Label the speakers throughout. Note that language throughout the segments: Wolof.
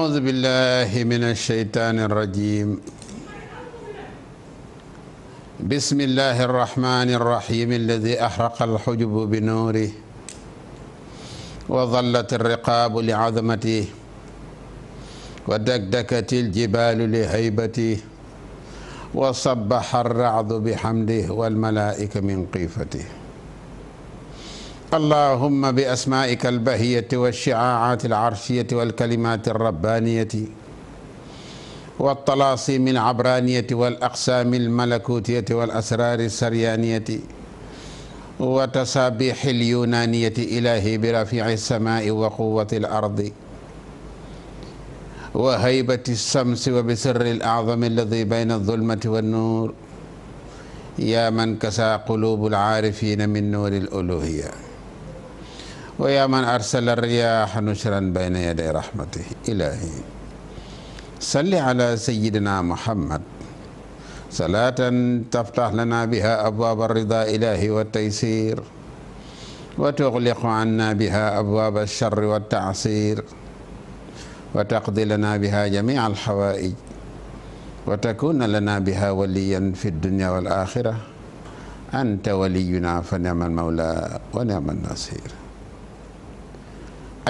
Speaker 1: أعوذ بالله من الشيطان الرجيم بسم الله الرحمن الرحيم الذي أحرق الحجب بنوره وظلت الرقاب لعظمته ودكدكت الجبال لهيبته وصبح الرعد بحمده والملائكة من قيفته اللهم بأسمائك البهية والشعاعات العرشية والكلمات الربانية والطلاصيم العبرانية والأقسام الملكوتية والأسرار السريانية وتسابيح اليونانية إلهي برفيع السماء وقوة الأرض وهيبة الشمس وبسر الأعظم الذي بين الظلمة والنور يا من كسى قلوب العارفين من نور الألوهية wa yaa man arsala riyaaha nushran bayna yaday rahmatihi ilaahi salli ala sayyidina muhammad salaatan taftax lana biha abwaaba ridaa ilaahi wa taysir wa tuxliqu anna biha abwaaba charri wa taasir wa taqdi lana biha jamia alxawaij wa takuna lana biha waliyan fi dunya wal axira anta waliyuna fa niama almawla wa niama alnasir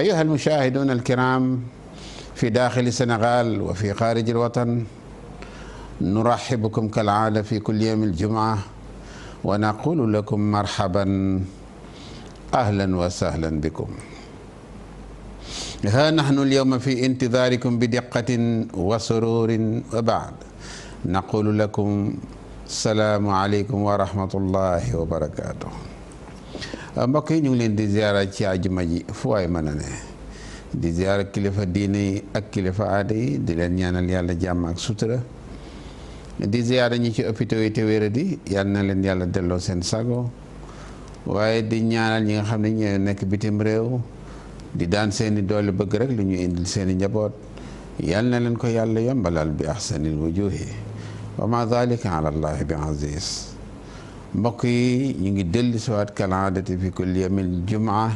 Speaker 1: أيها المشاهدون الكرام في داخل السنغال وفي خارج الوطن نرحب بكم كالعادة في كل يوم الجمعة ونقول لكم مرحبا أهلا وسهلا بكم ها نحن اليوم في انتظاركم بدقة وسرور وبعد نقول لكم السلام عليكم ورحمة الله وبركاته Euh, mbokk yi ñu ngi leen di ziara ci àjjuma ji fu waay mën a ne di ziara kilifa diine yi ak kilifa aada yi di leen ñaanal yàlla jàmm ak sutura di ziara ñi ci hôpitaux yi te wéradi yal na leen yàlla delloo seen sago waaye di ñaanal ñi nga xam ne ñoo nekk bitim réew di daan seeni doole bëgg rek lu ñu indil seeni njaboot yal na leen ko yàlla yombalal bi ahsanil wujuhi wa ma dalika ala allahi bi aziz mbokk yi ñu ngi dellu siwaat kalaadati fi kulli yawmil jumaa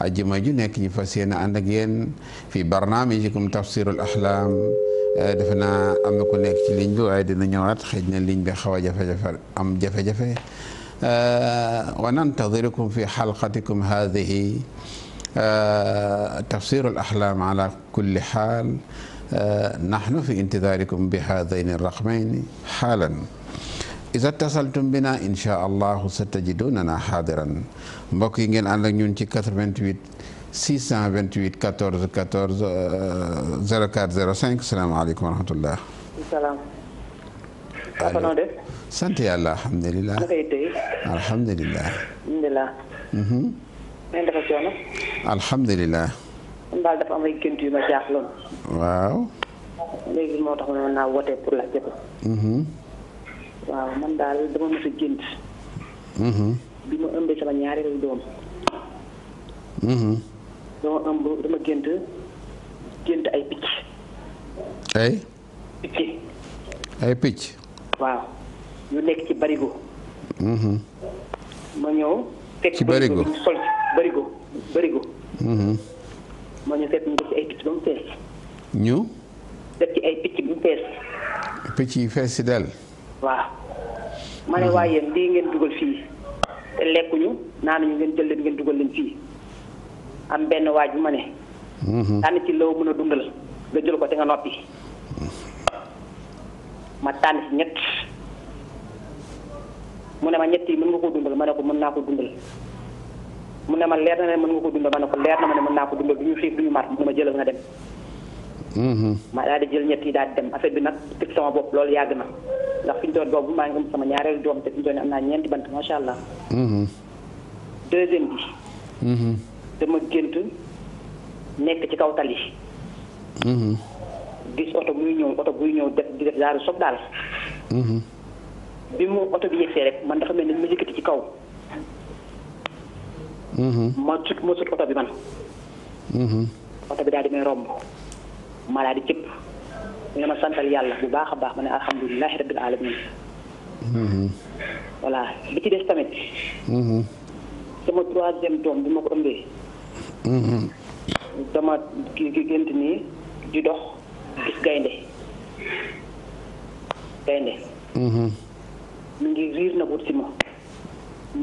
Speaker 1: ajjuma ju nekk ñu fas yéene ànd ak yéen fi barnaamijikum tafsirul ahlaam eh, defe naa am na ku nekk ci ligne bi waaye dina ñëwaat xëj na ligne bi xaw a jafe-jafe am jafe-jafe eh, wa nantadirukum fi xalqatikum haadihi eh, tafsirul ahlaam ala kulli xaal nahnu fi intidaarikum bi haadayni raqmayni xaalan isa tasaltum bi naa inchaa allahu sa tajidunana xaadiran mbokk yi ngeen ànd ak ñun ci 88 628 14 14 04 05 salaamaaleykum wa rahmatullah salaam allo sant yàlla alhamdulilah alhamdulilah
Speaker 2: alhamdulilah
Speaker 1: mhm. ngeen dafa coono alhamdulilah
Speaker 3: mbaal dafa am ay gént yu ma jaaxloon waaw léegi moo tax ma naa wootee pour la jëpp waaw man daal dama mës a gént. Mm-hmm. bi ma ëmbee sama ñaareelu doom. Mm-hmm. dama ëmb dama gént gént ay picc. ay. picc. ay picc. waaw ñu nekk ci barigo. Mm-hmm. ma ñëw. fekk ci barigo barigo ma ñëw fekk ñu def ci ay picc ba mu fees. ñu. def ci ay picc ba mu fees.
Speaker 1: picc yi fees si daal.
Speaker 3: waaw ma ne waaye yéen lii ngeen dugal fii te lekkuñu naanuñu ngeen jël leen ngeen dugal leen fii am benn waay bu ma ne. tànn mhm. ci loo mën a dundal nga jël ko te nga noppi. ma tànn ci ñett mu ne ma ñett yi mën nga koo dundal ma ne ko mën naa ko dundal mu ne ma leer na ne mën nga ko dundal ma ne ko leer na ma ne mën naa ko dundal du ñu xiif du ñu mar mu ne ma jëlal nga dem. Mm-hmm. ma daal di jël ñett yi daal di dem affaire bi nag tëg sama bopp loolu yàgg na ndax fi ñu doon boobu maa ngi am sama ñaareelu doom te fi ñu am naa ñeenti bant macha allah. Mm-hmm. deuxième bi.
Speaker 4: Mm-hmm.
Speaker 3: ci kaw tali. gis oto buy ñëw oto buy ñëw def di def daal sob daal. bi mu oto bi yegsee rek man dafa mel ni ma ci kaw. ma sut ma sut oto bi man. oto bi daal di romb. ma daal di cëpp ñu ma santal yàlla bu baax a baax ma ne alhamdulilahi rabbil alamin mhm. voilà bi ci des tamit. Mhm. sama troisième doom bi ma ko ëmbee. sama mhm. ki ki gént nii di dox gis gaynde gaynde
Speaker 4: mu
Speaker 3: ngi riir na wut si ma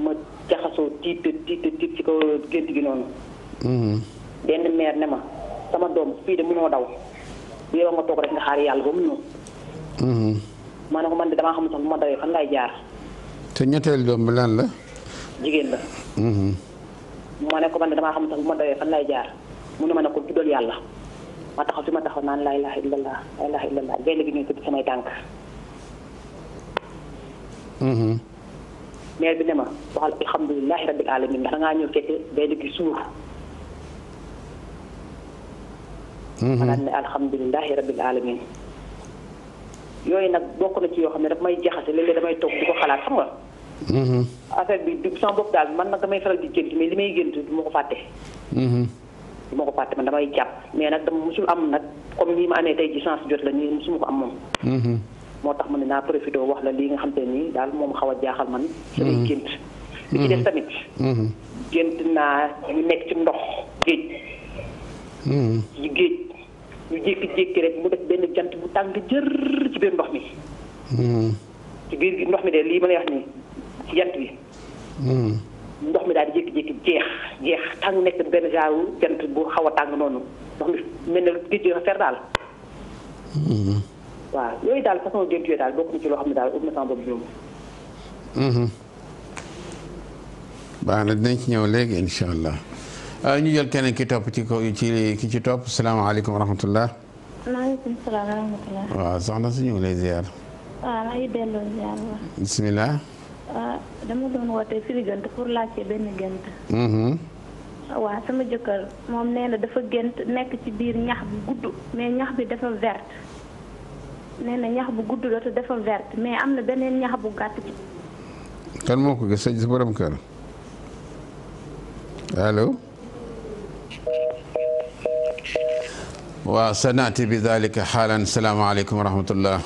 Speaker 3: ma jaxasoo tiit tiit tiit ci kaw gént gi noonu benn meer ne ma sama doom fii de mënoo daw yow nga toog rek nga xaar yàlla ba mu ñëw. Mhm. ma ne ko man de damaa xam sax bu ma dawee fan ngay jaar.
Speaker 1: te ñetteelu doom bi lan la.
Speaker 3: jigéen la. Mhm. ma ne ko man de damaa xam sax bu ma dawee fan lay jaar mu ne ma ne ko juddal yàlla ma taxaw fi ma taxaw naan laa ilaaha illallah laa ilaaha illallah gaynde gi ñuy tëdd samay tànk. maire mhm. bi ne ma waxal alhamdulilahi rabbil alamin ndax da ngaa ñëw fekke gaynde gi suur. maanaam mm-hmm. ne alhamdulilahi rabil alamin yooyu nag bokk na ci yoo xam ne daf may jaxase léeg-léeg damay toog di ko xalaat xam nga mm-hmm. affaire bi du sama bopp daal man nag damay faral di gént mais li may gént du ma ko fàtte
Speaker 4: mm-hmm.
Speaker 3: ma ko fàtte mais nag dama mosul nag comme nii ma amee tey ji chance jot la nii mosuma ko am moom moo tax ma ne naa profité wax la lii nga xam te nii daal moom xaw a jaaxal man samay gént li ci des tamit gént naa ñu nekk ci ndox géej géej jékki-jékki rek mu def benn jant bu tàng jër ci biir ndox mi. Hmm. ci biir ndox mi de lii ma lay wax nii ci jant bi. Hmm. ndox mi daal di jékki jeex jeex tàng nekk benn genre jant bu xaw a tàng noonu ndox mi mel na géej fer daal. Hmm. waaw yooyu daal façon gént yooyu daal bokk na ci loo xam ne daal ut na sama bopp
Speaker 1: juróom. baax na ci ñëw léegi incha allah. Euh, ñu jël keneen ki topp ci ci ki ci topp salaamaaleykum wa waaw soxna si ñu ngi lay ziar.
Speaker 2: waaw maa ah, benn gént. Mm-hmm. waaw sama jëkkër moom nee dafa gént nekk ci biir ñax bu gudd mais ñax bi dafa vert nee ñax bu gudd la dafa vert mais am na beneen ñax bu gàtt.
Speaker 1: kan moo ko gis sa borom kër allo. waa sanaati bi dalika xaalan salaamaaleykum wa rahmatullah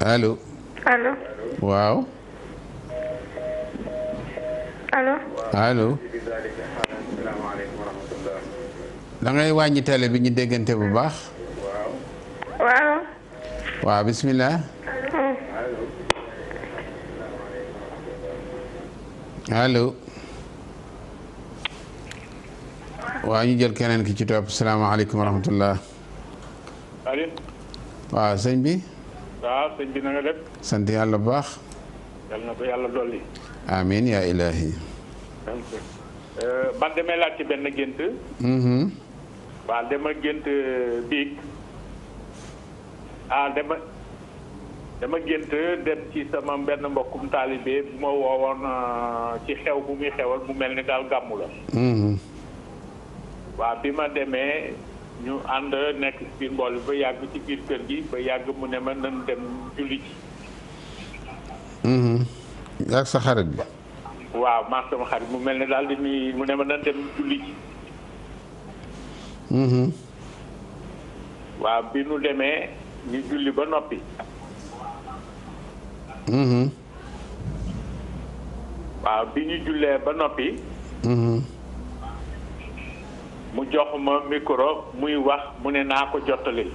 Speaker 1: allo. allo. waaw. allo. allo. da ngay wàññi télé bi ñu déggante bu baax. waaw. waaw bismillah. allo. waaw ñu jël keneen ki ci topp salaamaaleykum wa rahmatullah. waaw sëñ bi.
Speaker 5: waaw sëñ bi na nga def.
Speaker 1: sant yàlla baax.
Speaker 5: na ko yàlla dolli.
Speaker 1: amiin yaa ilaahi.
Speaker 5: Euh, man damay laaj benn gént. Mm-hmm. waaw dama gént euh, biig ah dama gént dem ci sama benn mbokkum taalibe bu ma woowoon euh, ci xew bu muy xewal mu mel ni daal gàmmu la. Mm-hmm. waa bi ma demee ñu ànd nekk ci biir mbool ba yàgg ci biir kër gi ba yàgg mu ne ma nan dem julli ji
Speaker 1: mhm. ak sa xarit bi
Speaker 5: waaw maa sama xarit mu mel ni daal di nuy mu ne ma nan dem julli ji mhm. waaw bi nu demee ñu julli ba noppi mhm. waaw bi ñu jullee ba noppi mu jox ma micro muy wax mu ne naa ko jottali.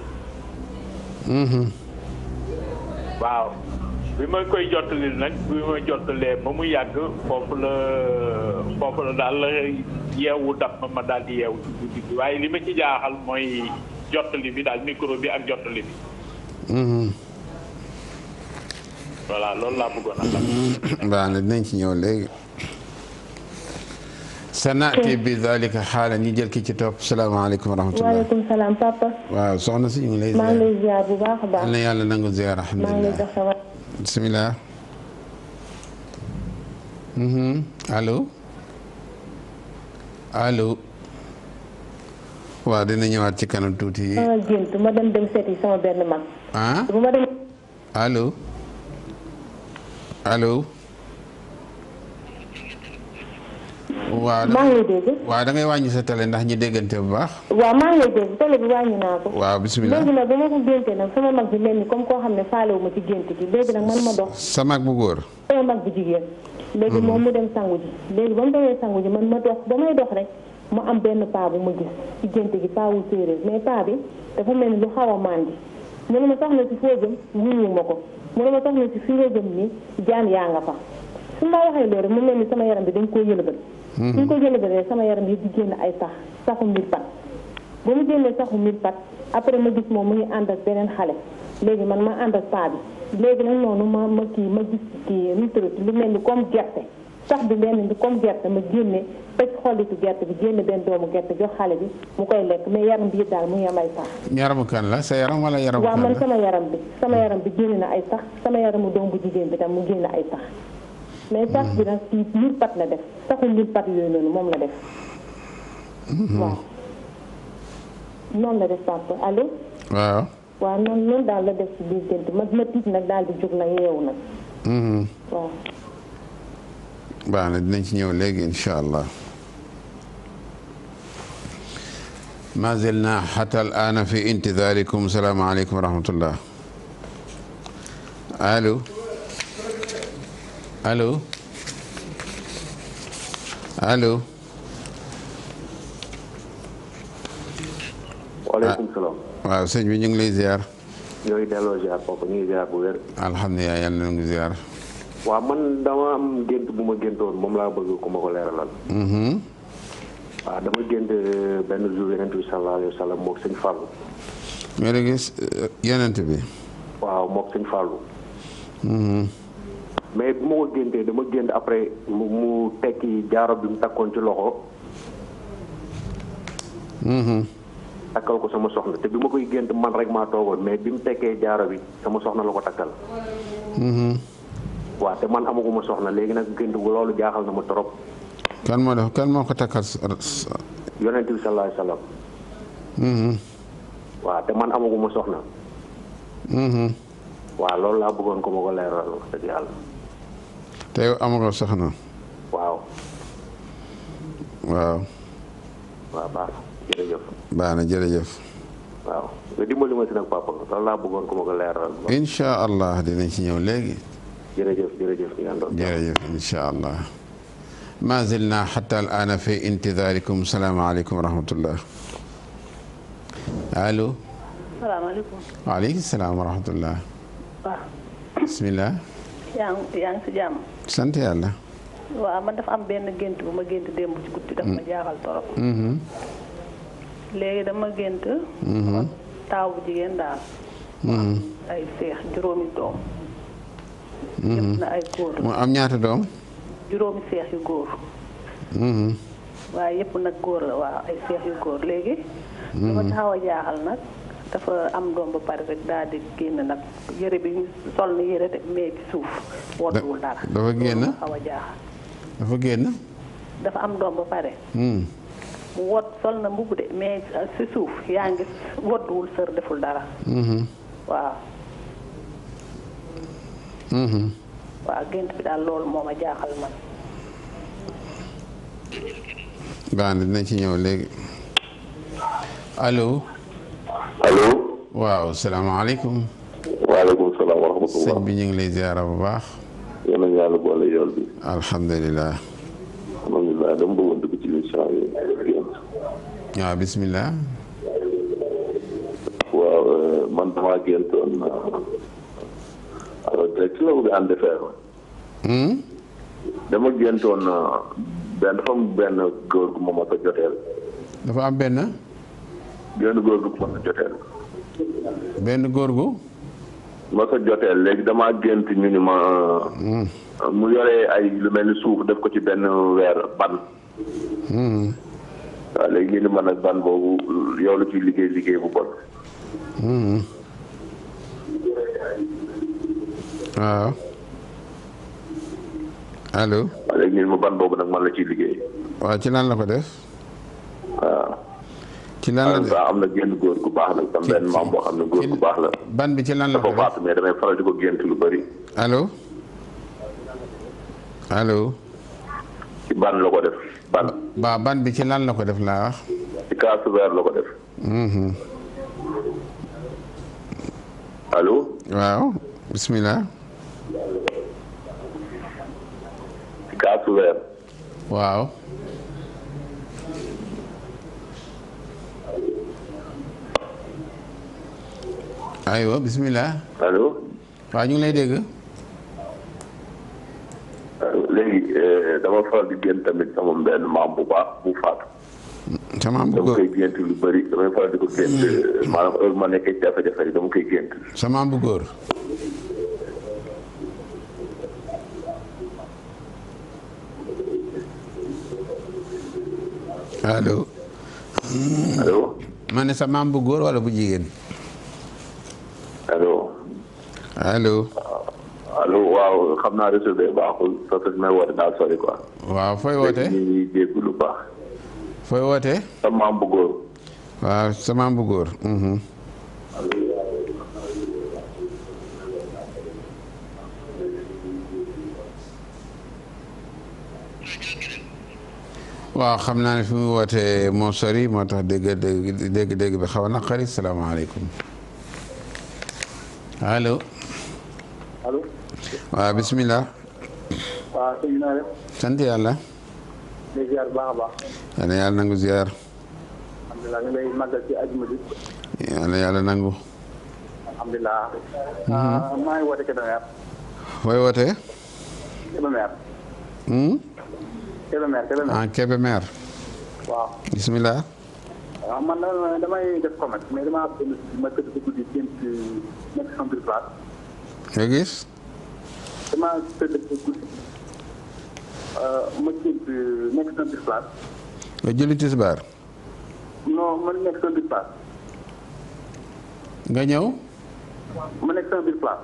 Speaker 5: Mm-hmm. waaw bi ma koy jottali nag bi ma jottalee ba mu yàgg foofu la foofu la daal yeewu dab ma ma daal di yeewu ci guddi gi waaye li ma ci jaaxal mooy jottali bi daal micro bi ak jottali bi. Mm-hmm. voilà loolu laa bëggoon a. baax
Speaker 1: mm-hmm. na dinañ ci ñëw léegi. sanaati bi dalika xaala ñu jël ki ci topp salaamaaleykum wa rahmatulah.
Speaker 2: waaleykum salaam papa.
Speaker 1: waaw soxna si ñu ngi lay. ziar maa
Speaker 2: ngi lay
Speaker 1: na yàlla nangu ziar alhamdulilah. bisimilah. Mm-hmm. allo. allo. waaw dina ñëwaat ci kanam tuuti. ah
Speaker 2: dem dem seeti sama benn ah? ma dem.
Speaker 1: allo. waa maa ngi lay dégg. waaw da wàññi sa télé ndax ñi déggante bu baax.
Speaker 2: waa maa ngi lay dégg télé bi wàññi naa ko.
Speaker 1: waaw bisimilah léegi
Speaker 2: nag bu ma ko géntee nag sama mag bi mel ni comme koo xam ne faalewu ma ci gént gi léegi nag man ma
Speaker 1: sa mag bu góor.
Speaker 2: sama mag bu jigéen. léegi mm-hmm. moom mu dem sangu ji léegi ba mu demee sangu ji man ma dox ba may dox rek am benn paa bu ma gis gi paa wu séeréer mais paa bi dafa mel ni lu xaw a màndi mu ma soxna si foo jëm ma ko mu ne ma soxna si fii nii jaan yaa nga fa su ma waxee loolu mu mel ni sama yaram bi dañ koo yëlëbal bi ñu ko célébrer sama yaram yi di génn ay sax saxu mille pat ba mu génnee saxu mille pat après ma gis moom mu ngi ànd ak beneen xale léegi man ma ànd ak paa bi léegi nag noonu ma ma kii ma gis kii nu lu mel ni comme gerte sax bi lenn ni comme gerte ma génne tëj xolitu gerte bi génne benn doomu gerte jox xale bi mu koy lekk mais yaram bi yëpp daal mu ngi am ay sax.
Speaker 1: yaramu kan la sa yaram wala yaramu kan la waaw man sama
Speaker 2: yaram bi sama yaram bi génne na ay sax sama yaramu doom bu jigéen bi tam mu génne ay sax. mais perte bi nag ci mille pat la def saxul mille pat yooyu noonu moom la def. Mm-hmm. waaw noonu la def papa allo. waaw. waaw noonu daal la def ci biir gént ma tiit nag daal di jóg nag
Speaker 1: mm-hmm. na dinañ ci ñëw léegi incha allah. ما زلنا حتى الآن في انتظاركم السلام عليكم allo allo. Ah, waaw sëñ bi ñu ngi lay ziar.
Speaker 5: ñooy delloo ziar kooku ñuy ngi ziar bu wér.
Speaker 1: alhamdulilah yal na ngi ziar.
Speaker 5: waaw man dama am gént bu ma géntoon moom laa bëgg ku ma ko leeralal.
Speaker 1: waaw mm-hmm.
Speaker 5: ah, dama gént euh, benn jour yonent bi sallallahu alayhi wa sallam moog sëñ
Speaker 1: gis euh, yonent bi.
Speaker 5: waaw moog sëñ Fallou. Mm-hmm. mais bu ma ko géntee dama gént après mu mu tekki jaaro bi mu takkoon ci loxo. Mhm. takkal ko sama soxna te bi ma koy gént man rek maa toogoon mais bi mu tekkee jaaro bi sama soxna la ko takkal. Mhm. waaw te man amaguma soxna léegi nag gént bu loolu jaaxal na ma trop.
Speaker 1: kan moo def kan moo ko takkal.
Speaker 5: yonent bi sallallahu alayhi wasallam. Mhm. waaw te man waaw loolu laa bëggoon ko ma ko leeral wax dëgg yàlla.
Speaker 1: tey amuloo soxna. waaw. waaw.
Speaker 5: waaw baax jërëjëf.
Speaker 1: baax na jërëjëf.
Speaker 5: waaw nga dimbali ma si nag papa loolu laa bëggoon ko ma ko leeral.
Speaker 1: incha allah dinañ ci ñëw léegi.
Speaker 5: jërëjëf jërëjëf ñu àndoon.
Speaker 1: jërëjëf incha allah. ma zilna xata al aana fi intidaarikum salaamaaleykum wa rahmatullah. allo. salaamaaleykum. waaleykum salaam wa rahmatullah.
Speaker 3: waaw. bismillah. yaa ngi si jàmm.
Speaker 1: sant yàlla.
Speaker 3: waaw man dafa am benn gént bu ma gént démb ci guddi dafa ma mm. jaaxal torop. Mm-hmm. léegi dama gént.
Speaker 4: Mm-hmm.
Speaker 3: taaw bu jigéen daal. Mm-hmm. ay seex juróomi doom.
Speaker 1: def na ay góor. mu am ñaata doom.
Speaker 3: juróomi seex yu góor. waaye yëpp nag góor la waaw ay seex yu góor léegi. dama taxaw a jaaxal nag. dafa am doom ba pare rek daal di génn nag yëre bi sol na yëre de mais ci suuf. wodduwul dara dafa génn dafa génn. dafa am doom ba pare. Hmm. mu sol na mbubb de mais ci suuf yaa ngi wodduwul sër deful dara. Hmm. waaw. Hmm. waaw gént bi daal loolu moo ma jaaxal man.
Speaker 1: baax na dina ci ñëw léegi allo. allo. waaw salaamaaleykum. waaleykum salaam wa rahmatulah. sëñ bi ñu ngi lay ziara bu baax.
Speaker 6: yéen a ngi yàlla boole yool bi.
Speaker 1: alhamdulilah.
Speaker 6: alhamdulilah dama bëggoon dugg ci émission bi.
Speaker 1: waaw bisimilah.
Speaker 6: waaw euh, man damaa géntoon direct euh, la bëgg ànd feebar. Hmm? dama géntoon euh, benn dafa am benn góor gu ma mos a joteel. dafa am benn. benn góor gu ma joteel.
Speaker 1: benn góor gu.
Speaker 6: ma sa joteel léegi damaa gént ñu ni ma. Hmm. Euh, mu yore ay lu mel ni suuf def ko ci benn weer ban. Hmm. waaw léegi ñu ni ma nag ban boobu yow la ciy liggéey liggéey bu bon.
Speaker 4: Hmm.
Speaker 1: waaw. allo.
Speaker 6: waaw léegi ñu ni ma ban boobu nag man la ciy liggéey. waaw
Speaker 1: ci lan la ko def.
Speaker 6: waaw. ci lan la ah, de am na génn góor gu baax nag tam benn xam ne góor gu baax la. ban bi ci lan la ko faatu mais ko gént lu bëri. allo la ko def
Speaker 1: ban. bi ci lan la ko def laa wax.
Speaker 6: ci kaasu weer la ko def.
Speaker 1: Mm-hmm. allo. waaw bisimilah. ci kaasu waaw. aywa bisimilah. allo. waaw ñu ngi lay dégg.
Speaker 6: léegi euh, dama faral di génn tamit sama benn maam bu baax bu faatu.
Speaker 1: sama bu góor hmm.
Speaker 6: euh, dama koy gént lu
Speaker 1: sa maam bu góor wala bu jigéen. allo.
Speaker 6: waaw xam naa réseau bi baaxul soo ko may woote daal sori quoi.
Speaker 1: waaw fooy wootee
Speaker 6: ñu jégg baax. fooy wootee. sa maam bu góor.
Speaker 1: waaw sa maam bu mhm. waaw xam naa ne fi mu wootee moo sori moo tax dégg dégg dégg bi xaw na xarit salaamaaleykum waaw bisimilah. waaw sëñ sant yàlla.
Speaker 5: di ziar bu baax a baax.
Speaker 1: yàlla nangu ziar. alhamdulilah ñu yàlla nangu.
Speaker 5: alhamdulilah. Mhm. Ah, woote Kébémer. fooy wootee. Kébémer. Hmm? Kébémer Kébémer ah Kébémer. Ah, man damay def commerce mais damaa ma gis. damaa tëdd bu guddi euh, ma gént nekk sama biir place.
Speaker 1: nga jëli tisbaar.
Speaker 5: non ma nekk sama biir place. nga ñëw. ma nekk sama biir place.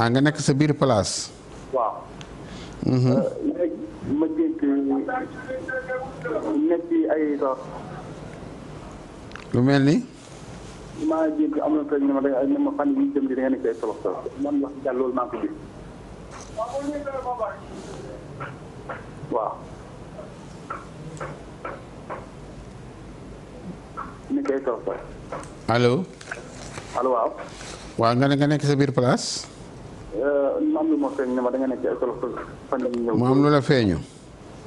Speaker 1: ah nga nekk sa biir place. Mhm. Euh,
Speaker 5: ma gént nekk ci ay dox. lu mel ni. maa gént am na solo ñu ne nekk ay tolof tolof man wax dëgg loolu maa ko gis. waaw. ni koy topp. allo. allo waaw.
Speaker 1: waaw nga ne nga nekk sa biir place.
Speaker 5: Euh, mu am lu la feeñu.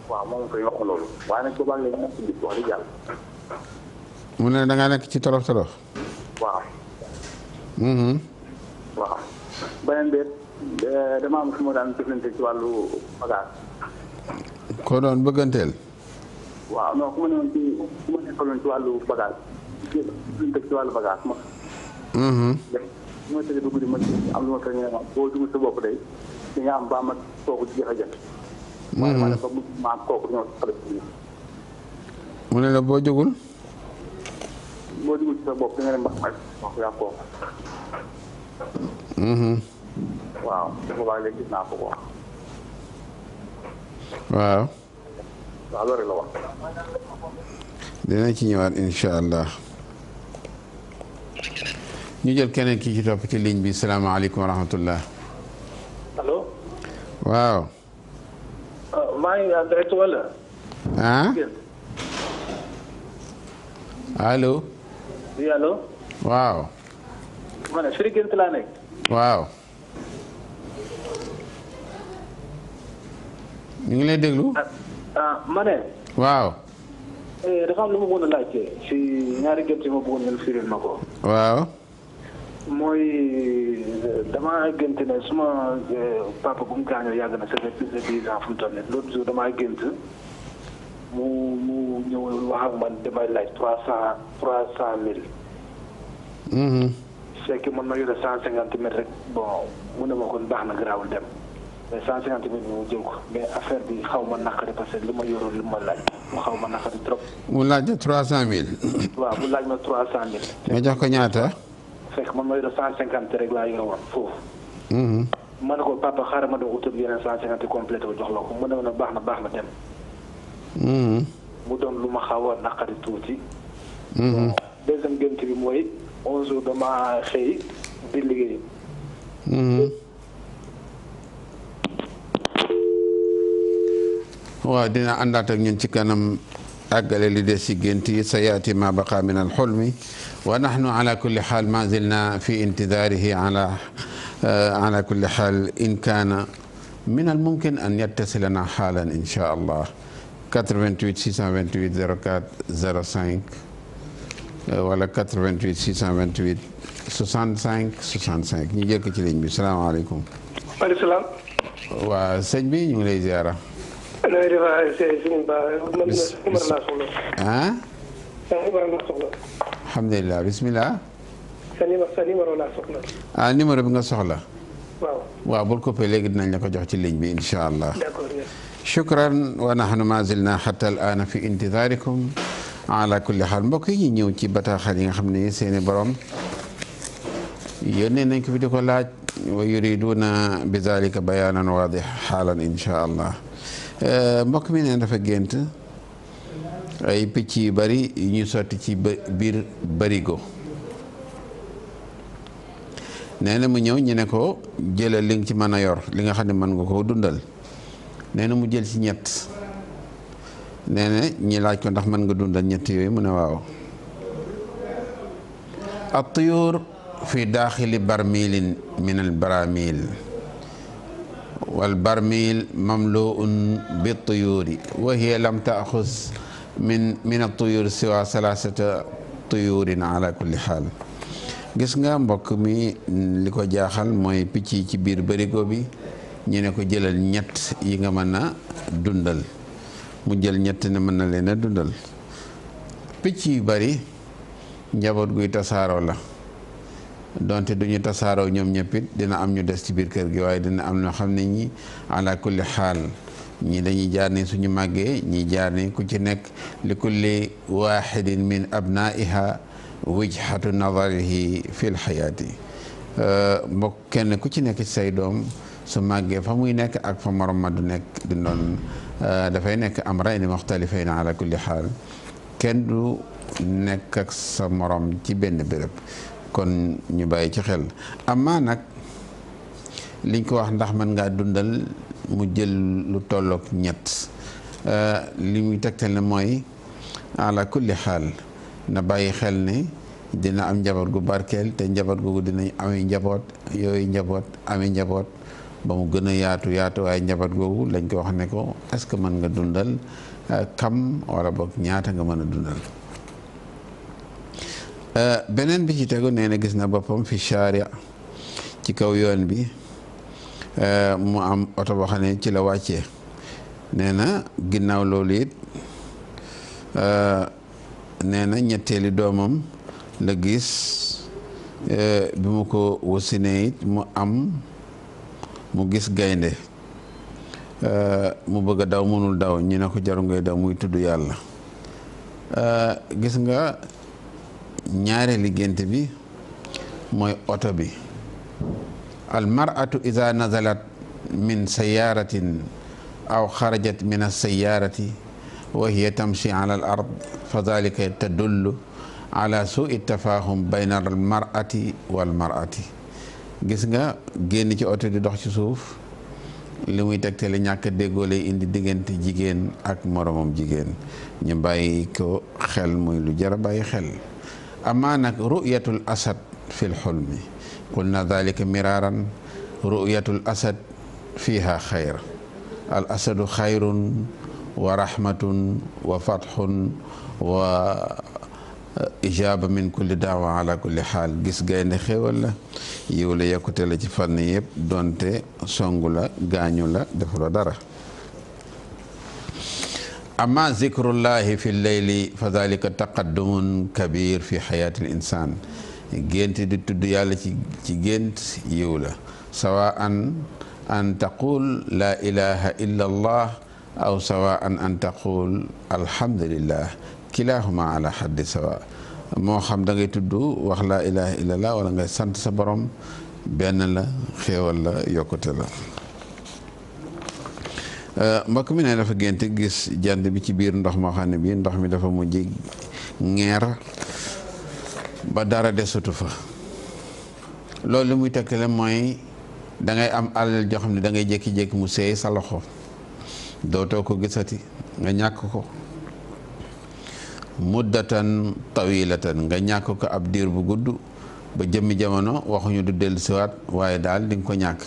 Speaker 5: waaw moom koy wax loolu. waaye nag boobaa léegi nekk ci biir wax
Speaker 1: nekk ci tolof waaw. Mm-hmm.
Speaker 5: waaw. beneen dama am su ma daan jëflante ci wàllu bagage.
Speaker 1: koo doon bëgganteel.
Speaker 5: waaw non ku ma ne woon ci ku ma nekkaloon ci wàllu bagage jëflante ci wàllu bagage ma. Mm-hmm. léegi su ma tëjee dugg di ma am lu ma fekk ne ma boo dugg sa bopp day di nga am ba ma kooku jafe-jafe. Mm-hmm. waaye ma ne ko ma am kooku ñoo xale si
Speaker 1: mu ne la boo jógul.
Speaker 5: boo jógul ci sa bopp da nga dem ba xam ne wax yaa kooku. Mm-hmm. waaw boobaa léegi gis naa ko ko
Speaker 1: waaw ci ñëwaat incha allah ñu jël keneen kii ci topp ci ligne bi salaamaaleykum wa rahmatullah waaw
Speaker 5: ah, maa ngi en wala
Speaker 1: ah allo waaw waaw ñu ngi lay déglu.
Speaker 3: ah, ah ma ne.
Speaker 1: waaw.
Speaker 5: Eh, dafa am lu ma bëggoon a si ñaari gént yi ma bëggoon ngeen firil ma ko. waaw. mooy eh, damaa gént ne suma eh, papa bu mu gaañoo yàgg na ça fait plus de dix ans fu mu toll nii l'autre jour damaa gént mu mu ñëw wax ak man damay laaj trois cent trois cent mille. Mm-hmm. fekk man ma yore cent cinquante mille rek bon mu ne ma kon baax na garaawul dem. mais 150 000 mu jël ko mais affaire bi xaw ma naqari parce que li ma yoroon li ma laaj mu xaw ma naqari trop.
Speaker 1: mu laaj la 300000.
Speaker 5: waaw mu laaj ma 300000.
Speaker 1: nga jox ko ñaata.
Speaker 5: fekk man ma yoroon cinquante rek laa yoroon foofu. Mm-hmm. ma ne ko papa xaaral ma doon utal yeneen 150 complété ko ma baax na baax na dem. Mm-hmm. mu doon lu ma xaw a naqari tuuti. Mm-hmm. deuxième gént bi mooy 11 jours dama xëy di liggéey.
Speaker 1: waaw dina àndaat ak ñun ci kanam àggale li des ci gént yi sa yaati ma baqa min al xulmi wa nahnu ala kulli xaal ma zilna fi intidaarihi ala eh, ala kulli xaal in kaana min al mumkin an yattasilana xaalan inchaa allah 88 628 04 05 wala 88 628 65 65 ñu jëkk ci ligne bi salaamaaleykum. maaleykum salaam. waa sëñ bi ñu ngi lay ziara.
Speaker 5: nooy def ay sëriñ Ba man Umar laa soxla. ah. Umar laa soxla.
Speaker 1: alhamdulilah bisimilah.
Speaker 5: sa numéro sa numéro laa soxla.
Speaker 1: ah numéro bi nga soxla. waaw. waaw bul coupé léegi dinañ la ko jox ci ligne bi incha allah. d'accord. shukran wa nahnu ma zilna xata al aana fi intidaarikum ala kulli xaal mbokk yi ñu ñëw ci bataaxal yi nga xam ne seeni borom yónnee nañ ko fi di ko laaj wa yuriduna bi zalika bayaanan waadix xaalan incha allah. Euh, mbokk mi nee dafa gént ay picc yu bari yu ñu sotti ci biir barigo nee na mu ñëw ñu ne ko jëlal li nga ci mën a yor li nga xam ne mën nga koo dundal nee na mu jël ci ñett nee na ñi laaj ko ndax mën nga dundal ñett yooyu mu ne waaw at tuyur fi daaxili barmilin min al baramil والبرميل مملوء بالطيور وهي لم تأخذ من من الطيور سوى ثلاثة طيور على كل حال gis nga mbokk mi li ko jaaxal mooy picc yi ci biir barigo bi ñu ne ko jëlal ñett yi nga mën a dundal mu jël ñett ne mën na leen dundal picc yu bari njaboot guy tasaaroo la donte duñu tasaaroo ñoom ñëppit dina am ñu des ci biir kër gi waaye dina am ñoo xam ne ñi ala kulli xaal ñi dañuy jaar ni màggee ñi jaar ni ku ci nekk li kulli waxidin min abnaiha wijhatu nadarihi fi lxayaati euh, mbokk kenn ku ci nekk ci say doom su màggee fa muy nekk ak fa morom ma du nekk di doon euh, dafay nekk am rayni muxtalifayn ala kulli xaal kenn du nekk ak sa morom ci benn béréb kon ñu bàyyi ci xel amaa nag liñ ko wax ndax mën ngaa dundal mu jël lu tollook ñett eh, li muy tegtal ne mooy ala kulli xaal na bàyyi xel ne dina am njaboot gu barkeel te njaboot googu dinañ amee njaboot yooyu njaboot amee njaboot ba mu gën a yaatu yaatu waaye njaboot googu lañ ko wax ne ko est-ce que mën nga dundal eh, kam wala boog ñaata nga mën a dundal Euh, beneen bi ci tegu nee na gis na boppam fi charia ci kaw yoon bi euh, mu am oto boo xam ne ci la wàccee nee na ginnaaw loolu it euh, nee na ñetteeli doomam la gis bi mu ko wasinee it mu am mu gis gaynde mu bëgg a daw mënul daw ñu ne ko jaru ngay daw muy tudd yàlla gis nga ñaareelu gént bi mooy oto bi al mar'atu ida nazalat min sayaratin aw xarajat min alsayarati wa hiya tamshi ala fa dalika tadullu ala suui tafahum bayna al mar'ati wal mar'ati gis nga génn ci oto di dox ci suuf li muy tegtale ñàkk déggoo indi diggante jigéen ak moromam jigéen ñu bàyyi ko xel muy lu jar bàyyi xel amaa nag ru'yatul asad fil xulmi qulna dalika miraaran ru'yatul asad fiiha xayr al asadu xayrun wa rahmatun wa fatxun wa ijaaba min kulli daawa ala kulli xaal gis gaynde xéewal la yiw la yokkute la ci fànn yëpp donte songu la gaañu la defu la dara amma zikrullahi fi leyli fa dalika taqaddumun kabir fi xayaati l insan gént di tudd yàlla ci ci gént yiw la sawaan an taqul laa ilaha illa allah aw sawaan an taqul alhamdulillah kilahuma ala xaddi sawa moo xam da ngay tudd wax laa ilaha illa allah wala ngay sant sa borom benn la xéewal la yokkute la Euh, mbokk mi ne dafa gént gis jant bi ci biir ndox moo xam ne bi ndox mi dafa mujj ngeer ba dara desatu fa loolu li muy tegtale mooy da ngay am alal joo xam ne da ngay jékki-jékki mu seey sa loxo dootoo ko gisati nga ñàkk ko muddatan tawilatan nga ñàkk ko ab diir bu gudd ba jëmmi jamono waxuñu du dellusiwaat waaye daal di ko ñàkk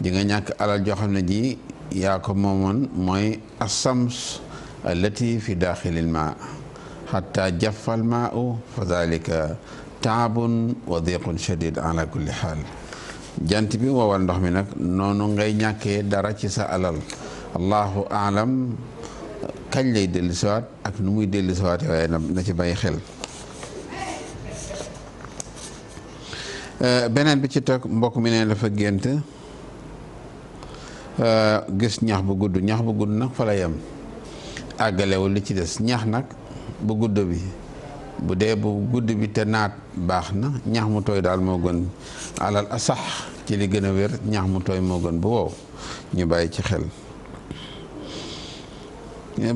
Speaker 1: di ñàkk alal joo ne ji yaa ko moomoon mooy assams allati fi daaxilil maa xatta jafal maa fa dalika taabun wa diqun shadid ala kulli xaal jant bi wowal ndox mi nag noonu ngay ñàkkee dara ci sa alal allahu aalam kañ lay dellusiwaat ak nu muy dellusiwaatee waaye na ci bàyyi xel euh, bi ci mbokk mi ne gént Euh, gis ñax bu gudd ñax bu gudd nag fa la yem àggalewul li ci des ñax nag bu gudd bi bu dee bu gudd bi te naat baax na ñax mu tooy daal moo gën alal asax ci li gën a wér ñax mu tooy moo gën bu wow ñu bàyyi ci xel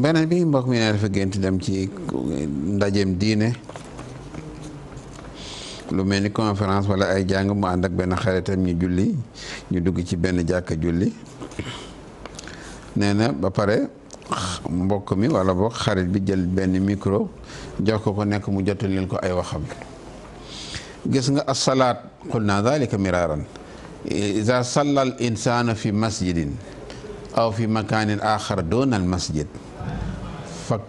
Speaker 1: beneen bi mbokk mi ne dafa gént dem ci ndajeem diine lu mel ni conférence wala ay jàng mu ànd ak benn xaritam ñu julli ñu dugg ci benn jàkka julli nee na ba pare mbokk mi wala boog xarit bi jël benn micro jox ko ko nekk mu jotal leen ko ay waxam gis nga asalaat qul naa dalika miraaran iza salla al insana fi masjidin aw fi makanin axar doona al masjid fak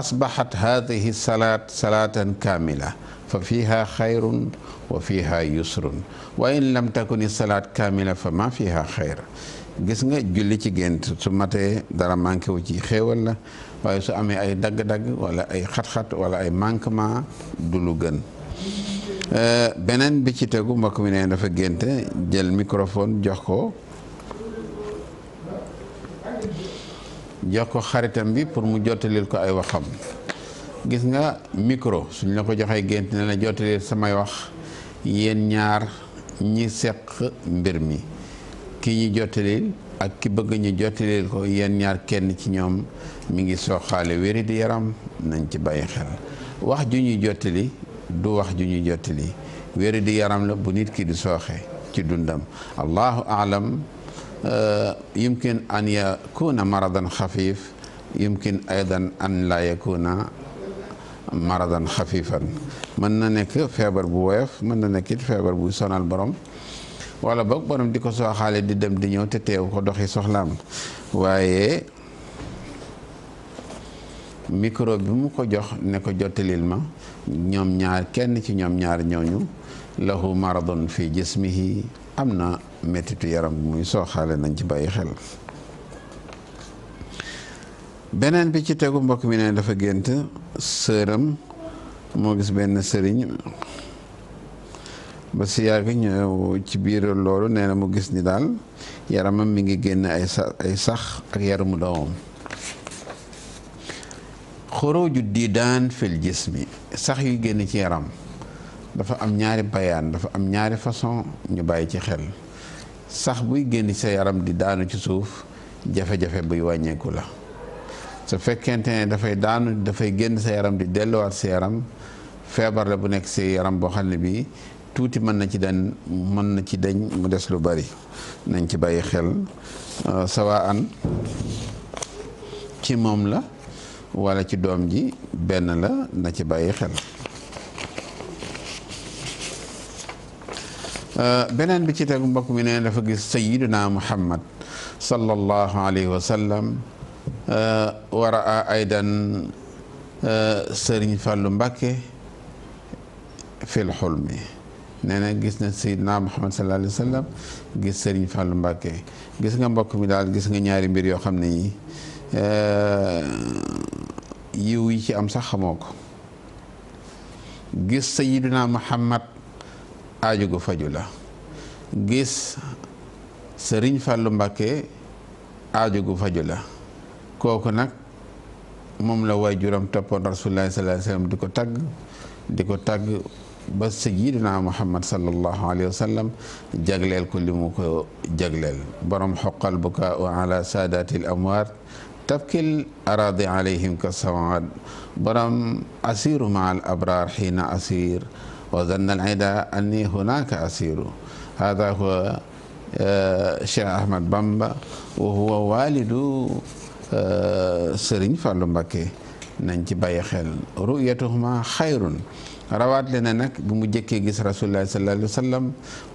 Speaker 1: asbaxat hadihi salaat salaatan kaamila fa fiha xayrun wa fiha yusrun wa in lam takuni salaat kaamila fa ma fiha xayr gis nga julli ci gént su matee dara manqué wu ci xéewal la waaye su amee ay dagg-dagg wala ay xat-xat wala ay manquement dulu lu gën euh, beneen bi ci tegu mbokk mi ne dafa génte jël microfone jox ko jox ko xaritam bi pour mu jottalil ko ay waxam gis nga micro suñ la ko joxee gént ne la jottalil samay wax yéen ñaar ñi seq mbir mi ki ñu jottalil ak ki bëgg ñu jottalil ko yéen ñaar kenn ci ñoom mi ngi soxaale wéri di yaram nañ ci bàyyi xel wax ju ñu jottali du wax ju ñu jottali wéri di yaram la bu nit ki di soxe ci dundam allahu aalam euh, yumkin an yakuna maradan xafif yumkin aidan an la yakuna maradan xafifan mën na nekk feebar bu woyof mën na nekk it feebar bu sonal borom wala boog borom di ko sooxaale di dem di ñëw te teew ko doxi soxlaam waaye micro bi mu ko jox ne ko jottalil ma ñoom ñaar kenn ci ñoom ñaar ñooñu lahu maradun fi jismihi am na mettitu yaram muy sooxaale nañ ci bàyyi xel beneen bi ci tegu mbokk mi ne dafa gént sëram moo gis benn sëriñ ba si yàgg ñëw ci biir loolu nee na mu gis ni daal yaramam mi ngi génn ay sa sax ak yaramu doomam daan diidaan fil jismi sax yu génn ci yaram dafa am ñaari bayaan dafa am ñaari façon ñu bàyyi ci xel sax buy génn ci sa yaram di daanu ci suuf jafe-jafe buy wàññeeku la su fekkente ne dafay daanu dafay génn sa yaram di delluwaat sa yaram feebar la bu nekk sa yaram boo xam ne bii tuuti mën na ci dañ mën na ci dañ mu des lu bari nañ ci bàyyi xel euh, sawaa ci moom la wala ci doom ji benn la na ci bàyyi xel euh, beneen bi ci tegu mbokk mi ne dafa gis sayiduna muhammad sallallahu alayhi wa sallam euh, wa raa aydan sëriñ fàllu mbàkke fil xulmi nee na gis na Seydina Muhammad sallallahu alayhi wa sallam gis Serigne Fallou Mbacké gis nga mbokk mi daal gis nga ñaari mbir yoo xam ne yi eh, yiw yi ci am sax xamoo ko gis Seydina Muhammad aaju gu faju la gis Serigne Fallou Mbacké aaju gu faju la kooku nag moom la waajuram toppoon Rasulullah sallallahu alayhi wa sallam di ko tagg di ko tagg ba sayidina muhammad sallallahu alayhi wa sallam jagleel ko li mu ko jagleel borom xoqal bukaa ala saadaati l amwaat tabkil araadi alayhim ka sawaad borom asiru maa al abraar xiina asir wa zanna al ida anni hunaka asiru hada huwa eh, cheikh ahmad bamba wa huwa walidu eh, sëriñ fàllu mbakke nañ ci bàyyi xel ruyatuhuma xayrun rawaat le na nag bu mu jëkkee gis rasulullah sallallahu alayhi wa sallam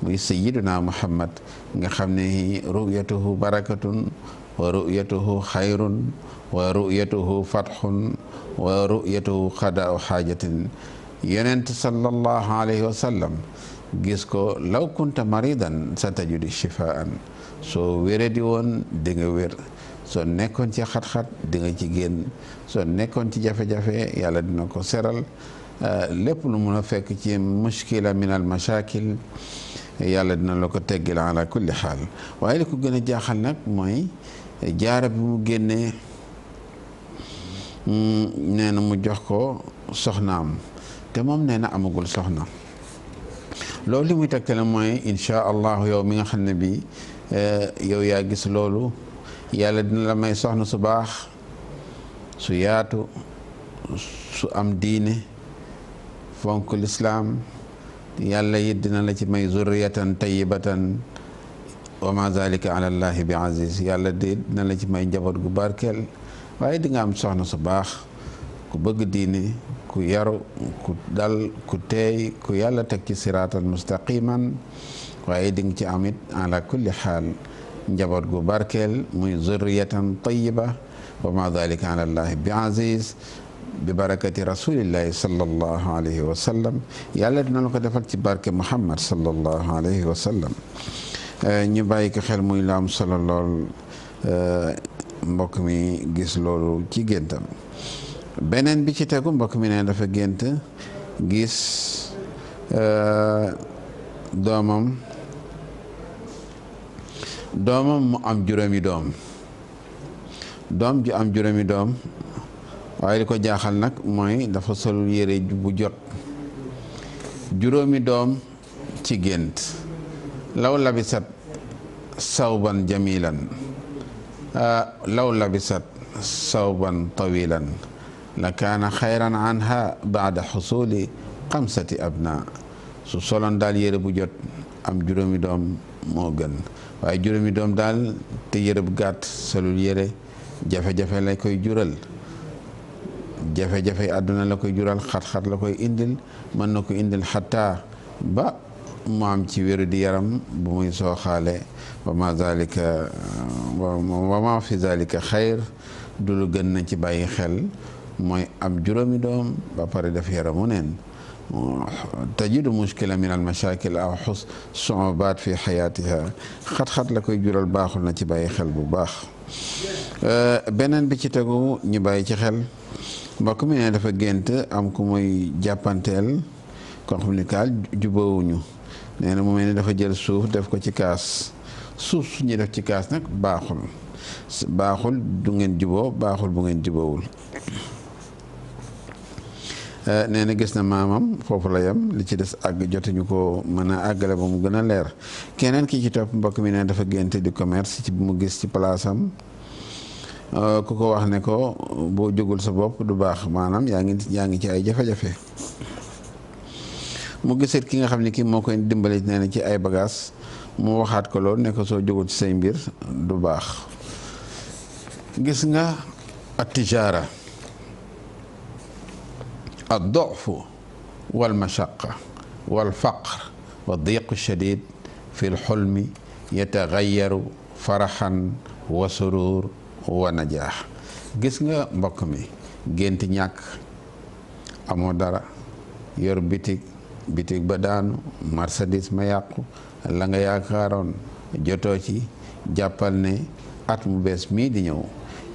Speaker 1: muy sayyiduna muhammad nga xam ne ru'yatuhu barakatun wa ru'yatuhu xayrun wa ru'yatuhu fatxun wa ru'yatuhu xadaau xaajatin yonent sallallahu alayhi wa sallam gis ko law kunta maridan sa tajudu shifaan soo wéradi woon di nga wér soo nekkoon ci xat-xat di nga ci génn soo nekkoon ci jafe-jafe yàlla dina ko seral Euh, lépp lu mun a fekk ci mushkila min al mashakil yàlla dina la ko teggil ala waaye li ko gën a jaaxal nag mooy jaara bi mu génnee mm, mu jox ko soxnaam te moom nee amagul soxna loolu li muy tegtale mooy yow mi nga xam ne bi eh, yow yaa gis loolu yàlla dina la may soxna su baax su yaatu su am diine fonk lislaam yàlla it dina la ci may zurriyatan tayyibatan wa ma zalika ala allahi bi aziz yàlla de dina la ci may njaboot gu barkeel waaye di nga am soxna su baax ku bëgg diine ku yaru ku dal ku teey ku yàlla teg ci siraatan mustaqiman waaye di nga ci amit ala kulli xaal njaboot gu barkeel muy zurriyatan tayyiba wa ma zalika ala allahi bi aziz bi barakati rasulillahi sallallahu alayhi wa sallam yàlla dina la ko defal ci barke muhammad sallallahu alayhi wa sallam eh, ñu bàyyi ko xel muy la am solo lool eh, mbokk mi gis loolu ci géntam beneen bi ci tegu mbokk mi ne dafa gént gis eh, doomam doomam mu am juróomi doom doom ju am juróomi doom waaye li ko jaaxal nag mooy dafa solul yére bu jot juróomi doom ci gént law labisat sawban jamilan ah, law labisat sawban tawilan la kaana xayran anha baada xusuli xamsati abna su soloon daal yére bu jot am juróomi doom moo gën waaye juróomi doom daal te yére bu gàtt solul yére jafe-jafe la koy jural jafe-jafe àdduna la koy jural xat la koy indil mën na ko indil xatta ba mu ci wéru di yaram bu muy sooxaale wa ma zalika wa ma fi zalika xayr du lu gën na ci bàyyi xel mooy am juróomi doom ba pare def yaramu neen tajidu mushkila min al mashakil aw xus sobaat fi xayaatiha xat-xat la koy jural baaxul na ci bàyyi xel bu baax Euh, beneen bi ci tegu ñu bàyyi ci xel mbokk mi ne dafa gént am ku muy jàppanteel kon xam ni kaal jubawuñu nee na mu mel ni dafa jël suuf def ko ci kaas suuf su ñuy def ci kaas nag baaxul baaxul du ngeen juboo baaxul bu ngeen jubawul Eh, nee na gis na maamam foofu la yem li ci des àgg jotuñu ko mën a àggale ba mu gën a leer keneen ki ci topp mbokk mi ne dafa génte di commerce ci mu gis ci palaasam eh, ku ko wax ne ko boo jógul sa bopp du baax maanaam yaa ngi yaa ngi ci ay jafe-jafe mu gisit ki nga xam ne ki moo koy dimbali nee na ci ay bagages mu waxaat ko loolu ne soo jógul ci say mbir du baax gis nga atijaara ad-du'fu wal mashaqqa wal faqr wa diiqu shadiid fi l-xulmi yataxayyaru faraxan wa suruur wa najaax gis nga mbokk mi gént ñàkk amoo dara yor bitig bitig ba daanu marchandise ma yàqu la nga yaakaaroon jotoo ci jàppal ne at mu bees mi di ñëw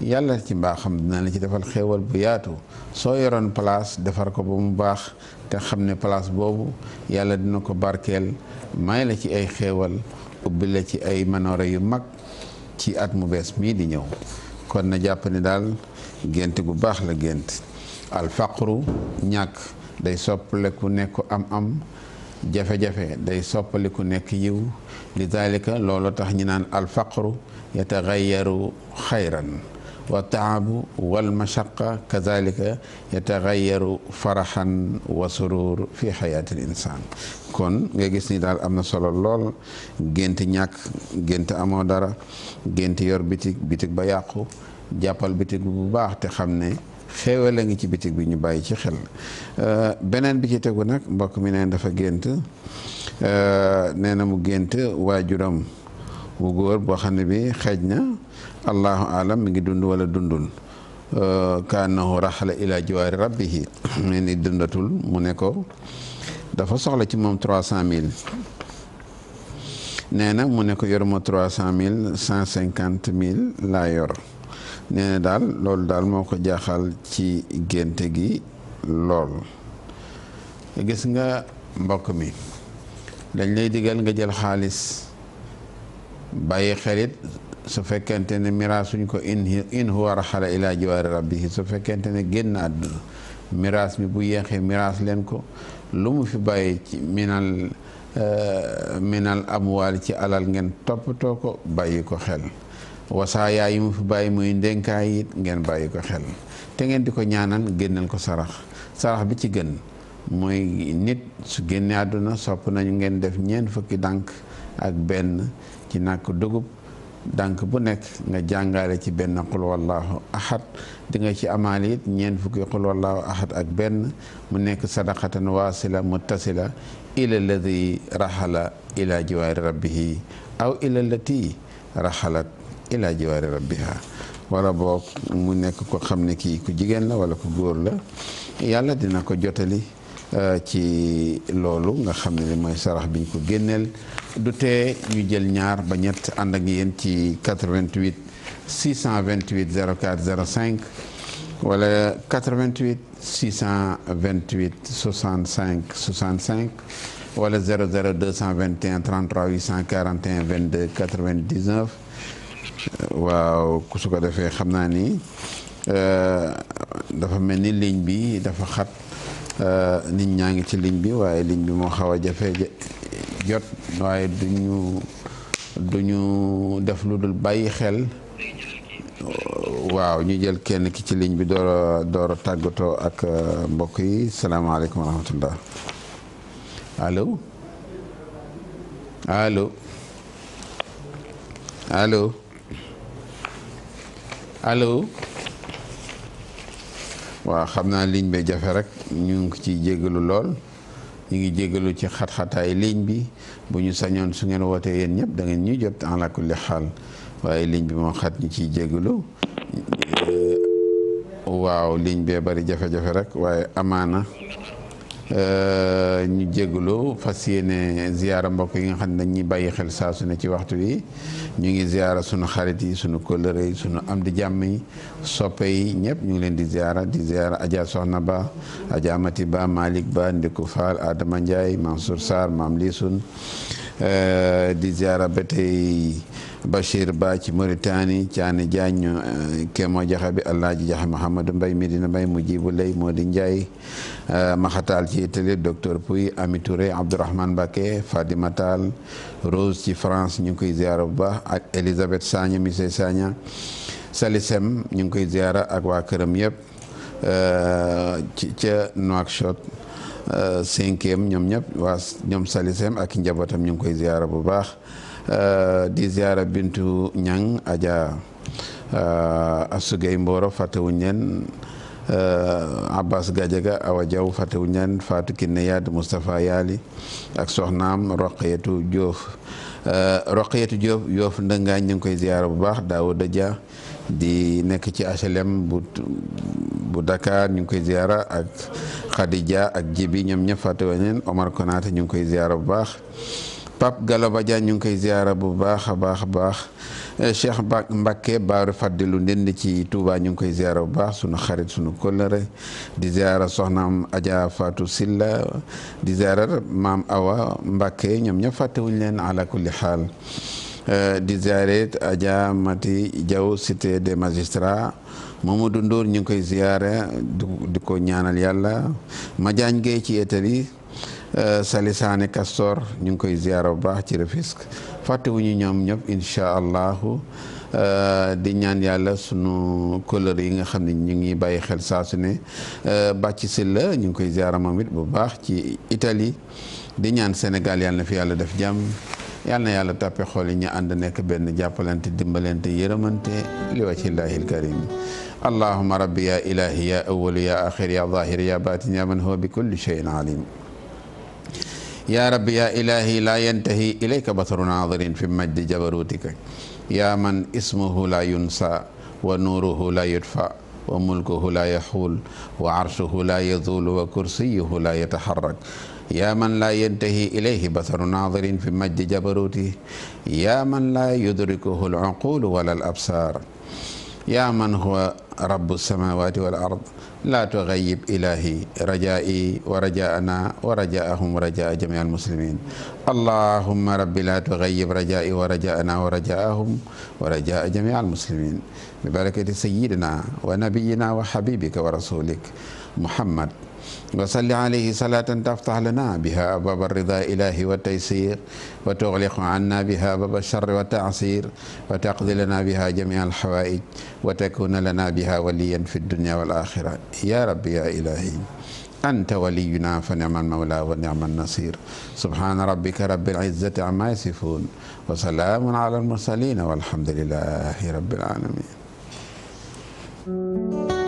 Speaker 1: yàlla ci mbaaxam dina la ci defal xéewal bu yaatu soo yoroon place defar ko ba mu baax te xam ne palaas boobu yàlla dina ko barkeel may la ci ay xéewal ubbi la ci ay manoore yu mag ci at mu bees mii di ñëw kon na jàpp ni daal gént bu baax la gént al alfaqru ñàkk day soppaleku nekk am am jafe-jafe day soppaliku nekk yiw li daalika loolu tax ñu naan alfaqru yaru xayran wa taabu wal mashaqa kazalika yataxayaru faraxan wa surur fi xayaatil insaan kon nga gis ni daal am na solo lool gént ñàkk gént amoo dara gént yor bitik bitik ba yàqu jàppal bitig bu baax te xam ne xéewal a ngi ci bitig bi ñu bàyyi ci xel euh, beneen bi ci tegu nag mbokk mi neen dafa gént euh, nee na mu gént waajuram wu góor boo xam ne bi xeej na allahu alam mi ngi dund wala dundul kaanahu raxala ila jiwaari rabbihi ne ni dundatul mu ne ko dafa soxla ci moom trois cent mille nee na mu ne ko yor ma cent mille cent cinquante mille laa yor nee na daal loolu daal moo ko jaaxal ci génte gi lool gis nga mbokk mi dañ lay digal nga jël xaalis bàyyi xarit su fekkente ne miraas suñ ko in in huwa raxala ila jiwaari rabbihi su fekkente ne génn àdduna miraas mi bu yeexee miraas leen ko lu mu fi bàyyi ci minal euh, minal amwaal ci alal ngeen toppatoo ko bàyyi ko xel wasaayaa yi mu fi bàyyi muy ndenkaay it ngeen bàyyi ko xel te ngeen di ko ñaanal génneel ko sarax sarax bi ci gën mooy nit su génne àdduna sopp nañu ngeen def ñeent fukki dànk ak benn ci nàkk dugub donc bu nekk nga jàngaale ci benn qul wallahu ahad di ci amaale it ñeent fukki qul wallahu ahad ak benn mu nekk sadaqatan wasila muttasila ila alladi raxala ila jiwaari rabbihi aw ila allati rabbiha wala boog mu nekk ko xam ne kii ku jigéen la wala ku góor la yàlla dina ko jotali euh, ci loolu nga xam ne li mooy sarax biñ ko génneel du tee ñu jël ñaar ba ñett ànd ak yéen ci 88 628 04 05 wala 88 628 65 65 wala 00 221 33 841 22 99 waaw su ko defee xam naa ni euh, dafa mel ni ligne bi dafa xat. Euh, nit ñaa ngi ci ligne bi waaye liñ bi moo xaw a jafe jot waaye du ñu def lu dul bàyyi xel waaw ñu jël kenn ki ci ligne bi door a door a tàggatoo ak euh, mbokk yi salaamaaleykum wa rahmatullah allo allo allo allo waaw xam naa liiñ be jafe rek ñu ngi ciy jégalu lool ñu ngi jégalu ci xat-xataay ligne bi bu ñu sañoon su ngeen wootee yéen ñëpp da ngeen ñuy jot ala kulli xaal waaye ligne bi moom xat ñu ciy jégalu waaw ligne bee bari jafe-jafe rek waaye amaana Euh, ñu jégalu fas yéene ziara mbokk yi nga xam ne dañuy bàyyi xel saa su ne ci waxtu wi ñu ngi ziara sunu xarit yi sunu kóllëre yi sunu am di jàmm yi soppe yi ñëpp ñu ngi leen di ziara di ziara Adja Soxna Ba Adja Amati Ba Malick Ba Ndiku Fall Adama Ndiaye Mansour Sarr Maam Lisun Eh, di ziara ba tey Bachir Ba ci Mauritanie Thiané Diagne eh, Kémo Jaxa bi Alaaji Jaxa Mouhamadou Mbay Medina Mbay Mujibu Lay Modi Ndiaye eh, Maxataal ci Italie docteur Pouy Ami Touré Abdourahmane Mbacké Fadima Tall Rose ci France ñu ngi koy ziara bu baax ak Elisabeth Sagna monsieur Sagna Salisem ñu ngi koy ziara ak waa këram yëpp ci ca cinquième euh, ñoom ñëpp waa ñoom salisem ak njabootam ñu ngi koy ziyaara bu baax euh, di ziyaara bintu ñang aja euh, asugay mbooro fàttewuñ leen abbas gajaga awa jaw fàttewuñ leen fatou kinne yaali ak soxnaam roqeetu joof roqeetu joof yoof ndëngaan ñu ngi koy ziyaara bu baax daawuda dia di nekk ci HLM bu bu Dakar ñu ngi koy ziara ak Khadija ak Jibi ñoom ñëpp fàttewa leen Omar Konaté ñu ngi koy ziara bu baax Pape Galaba Dia ñu ngi koy ziara bu baax a baax a baax eh, Cheikh Mbacke Baaru Faddilu di ci Touba ñu ngi koy ziara bu baax sunu xarit sunu kóllëre di ziara soxnaam Adja Fatou Silla di ziara maam Awa Mbacke ñoom ñëpp fàttewuñ leen ala kulli xaal Euh, di ziare Adja Mati Diaw cité des magistrats Mamadou Ndour ñu ngi koy ziare di ko ñaanal yàlla Madiagne Gueye ci Italie euh, Sali Sané Castor ñu ngi koy ziare bu baax ci Rufisque fàttewuñu ñoom ñëpp incha allahu euh, di ñaan yàlla sunu couleur yi nga xam ne ñu ngi bàyyi xel saa su ne bàcc silla ñu ngi koy ziare moom it bu baax ci Italie di ñaan Sénégal yàlla na fi yàlla def jàmm. yal na yàlla tàppe xool yi ñu ànd nekk benn jàppalante dimbalante yërëmante li wajhillaahil karim allahumma rabbi ya ilahi ya awwal ya axir ya zahir ya batin ya man huwa bi kulli shay'in alim ya rabbi ya ilahi la yantahi ilayka basaru naadirin fi majdi jabarutika ya man ismuhu la yunsa wa nuuruhu la yudfa wa mulkuhu la yaxuul wa arshuhu la yazuulu wa kursiyuhu la yataharrak yaa man laa yantahi ilayhi basaru naadirin fi majdi jabaruti yaa man laa yudrikuhu al-uqulu wala al-absar yaa man huwa rabbu samawati wal ard laa tugayyib ilahi rajaa'i wa rajaa'ana wa rajaa'ahum rajaa'a jamii al-muslimin allahumma rabbi laa tugayyib rajaa'i wa rajaa'ana wa rajaa'ahum wa rajaa'a jamii al-muslimin bi barakati sayyidina wa nabiyyina wa habibika wa rasulika muhammad wa salli alayhi salaatan taftah lana biha abwaaba rida ilahi wa taysir wa tuxliqu anna biha abwaaba charri wa taasir wa taqdi lana biha jamia alxawaij wa takuna lana biha waliyan fi dunia wal axira ya rabbi ya ilahi anta waliyuna fa nicma almawla wa nicma alnasir subhana rabbika rabbi alizzati amma yasifun wa salaamun ala almursalin walhamdulilahi rabbil alamin